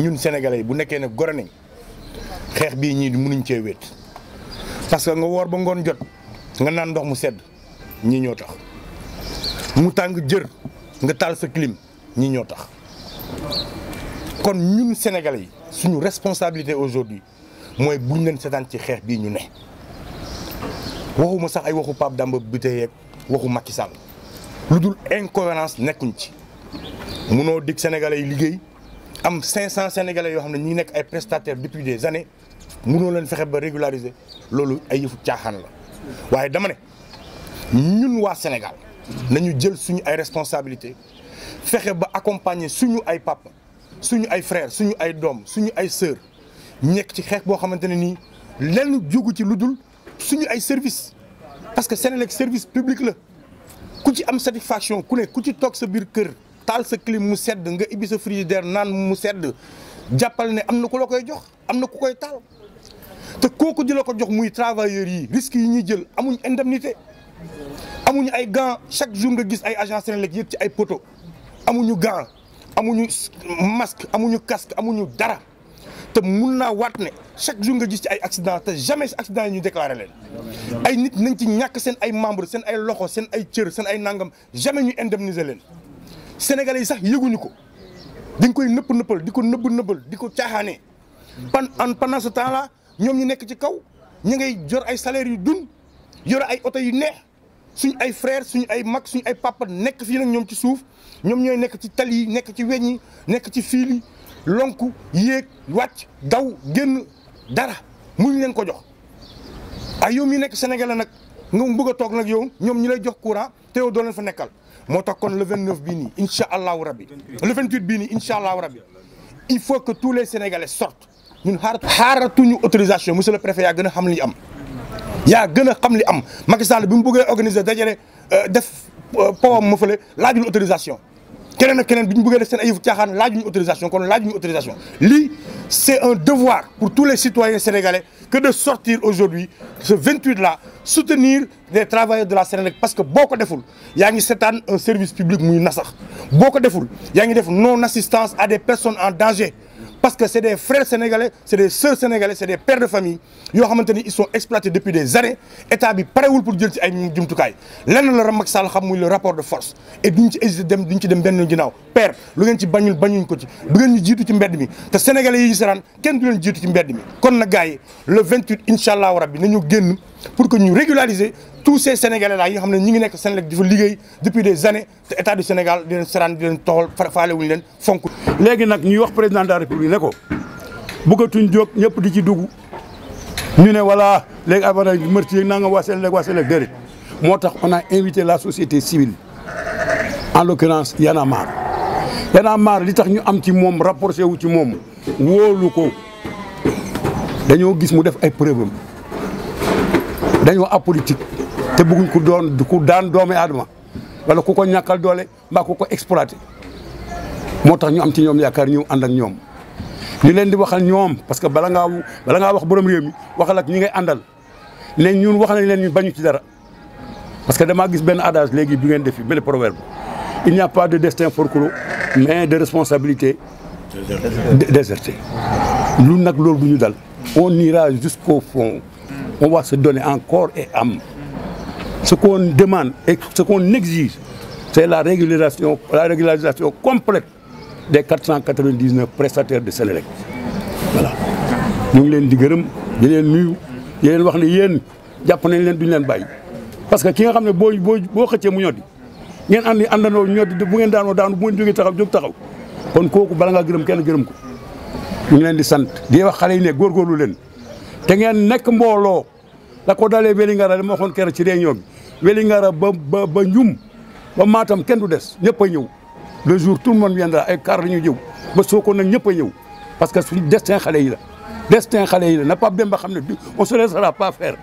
ñun sénégalais yi bu nekkee ne gore xeex bii ñii mënuñ cee wéet parce que nga woor ba ngoon jot nga naan ndox mu sedd ñii ñoo tax mu tàng jër nga taal sa clim ñii ñoo tax kon ñun sénégalais yi suñu responsabilité aujourd'hui mooy buñ leen seetaan ci xeex bi ñu ne waxuma sax ay waxu Pape Demba Bitèye waxu Macky Sall lu dul incohérence nekkuñ ci munoo dig sénégalais yi liggéey am cinq 500 sénégalais yoo xam ne ñu ngi nekk ay prestataires depuis des années mënoo leen fexe ba régulariser loolu ay yëfu caaxaan la waaye dama ne ñun waa Sénégal nañu jël suñu ay responsabilité fexe ba accompagner suñu ay papa suñu ay frères suñu ay doom suñu ay sœurs ñekk ci xeex boo xamante ne nii lenn jógu ci lu dul suñu ay services parce que Sénélec service public la ku ci am satisfaction ku ne ku ci toog sa biir kër. taal sa clim mu sedd nga ibbi sa frigidaire naan mu sedd jàppal ne am na ku la koy jox am na ku koy taal te kooku di la ko jox muy travailleurs yi risques yi ñuy jël amuñ indemnité amuñu ay gants chaque jour nga gis ay agents Senelec yëpp ci ay poteaux amuñu gants amuñu masque amuñu casque amuñu dara te mun naa waat ne chaque jour nga gis ci ay accident te jamais accident yi ñu déclaré leen ay nit nañ ci ñàkk seen ay membre seen ay loxo seen ay cër seen ay nangam jamais ñu indemniser leen sénégalais yi sax yëguñu ko di koy nëpp nëppal di ko nëbb nëppal di ko caaxaanee pan en pendant ce ñoom ñu nekk ci kaw ñu ngay jor ay salaires yu dun yore ay oto yu neex suñ ay frère suñu ay mag suñu ay papa nekk fii nag ñoom ci suuf ñoom ñooy nekk ci tali yi nekk ci weñ yi nekk ci fiil lonku yéeg wàcc daw génn dara muñ leen ko jox ay yow mi nekk sénégalais nag nga bëgg toog nag yow ñoom ñi lay jox courant te yow doo leen fa nekkal moo tax kon le 29 bii nii incha allahu rabi le 28 bii nii incha allahu rabi il faut que tous les sénégalais sortent ñun xaar ñu autorisation monsieur le préfet yaa gën a xam li am. yaa gën a xam li am Macky Sall bi mu bëggee organiser dajale euh, def euh, powam ma fële laajul autorisation. keneen ak keneen bi ñu bëggee def seen ay yëfu caaxaan laaj ñu autorisation kon laaj ñu autorisation lii c'est un devoir pour tous les citoyens sénégalais que de sortir aujourd'hui ce 28 parce que boo ko deful yaa ngi seetaan un service public muy nasax boo ko deful yaa ngi def non assistance à des personnes en danger parce que c'est des frères sénégalais c'est des sœurs sénégalais c'est des pères de famille yoo xamante ni ils sont exploités depuis des années état bi parewul pour jël ci ay jumtukaay lenn la Macky Sall xam muy le rapport de force et duñ ci dem duñ ci dem benn ginnaaw per lu ngeen ci bañul bañuñ ko ci du ngeen jiitu ci mbedd mi te sénégalais yi ñu saraan kenn du leen jiitu ci mbedd mi kon na gars yi le 28 incha allahu rabbi ñu génn pour que ñu régulariser tous ces sénégalais là yi nga xam ne ñi ngi nekk Senelec di fa liggéey depuis des années te état du Sénégal di leen saraan di leen toxal faale wuñu leen fonk léegi nag ñuy wax président de la ne ko bëggatuñ jóg ñëpp di ci dugg ñu ne wala léegi abana mërti yéeg naa nga waa Senelec waa Senelec déedéet moo tax on a invité la société civile en l'occurrence Y'en a li tax ñu am ci moom rapproché wu ci moom wóolu ko dañoo gis mu def ay preuve am dañoo apolitique te bëgguñ ku doon ku daan doomi aadama wala ku ko ñàkkal doole mbaa ku ko exploité moo tax ñu am ci ñoom yaakaar ñëw ànd ak ñoom ñu leen di waxal ñoom parce que bala ngaa bala ngaa wax borom réew mi waxal ak ñi ngay àndal ne ñun wax nañ leen ñu bañu ci dara parce que dama gis benn adage léegi bi ngeen def fi benn proverbe il n'y a pas de destin forclos mais de responsabilité désertée lu nag loolu bu ñu dal on ira jusqu'au fond on va se donner en corps et am ce qu'on demande et ce qu'on exige c'est la régularisation la régularisation complète des 499 prestataires de Sénélec voilà ñu ngi leen di gërëm di leen nuyu di leen wax ne yéen jàpp nañ leen duñ leen bàyyi parce que ki nga xam ne boo boo boo xëccee mu ñoddi ngeen andi àndandoo ñoo di bu ngeen daanoo daanu bu ngeen jógee taxaw jóg taxaw kon kooku bala ngaa gërëm kenn gërëm ko ñu leen di sant di wax xale yi ne góorgóorlu leen te ngeen nekk mbooloo la ko dalee Vélingara li ma waxoon keroog ci réunion bi Vélingara ba ba ba Ndioum ba Matam kenn du des ñëpp a ñëw le jour tout le monde viendra ay car la ñu jëw ba Sokone nag ñëpp a ñëw parce que suñu destin xale yi la destin xale yi la na Pape Demba xam ne on se laissera pas faire